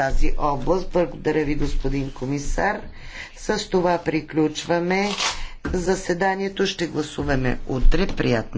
тази област. Благодаря ви, господин комисар. С това приключваме заседанието. Ще гласуваме утре. Приятно.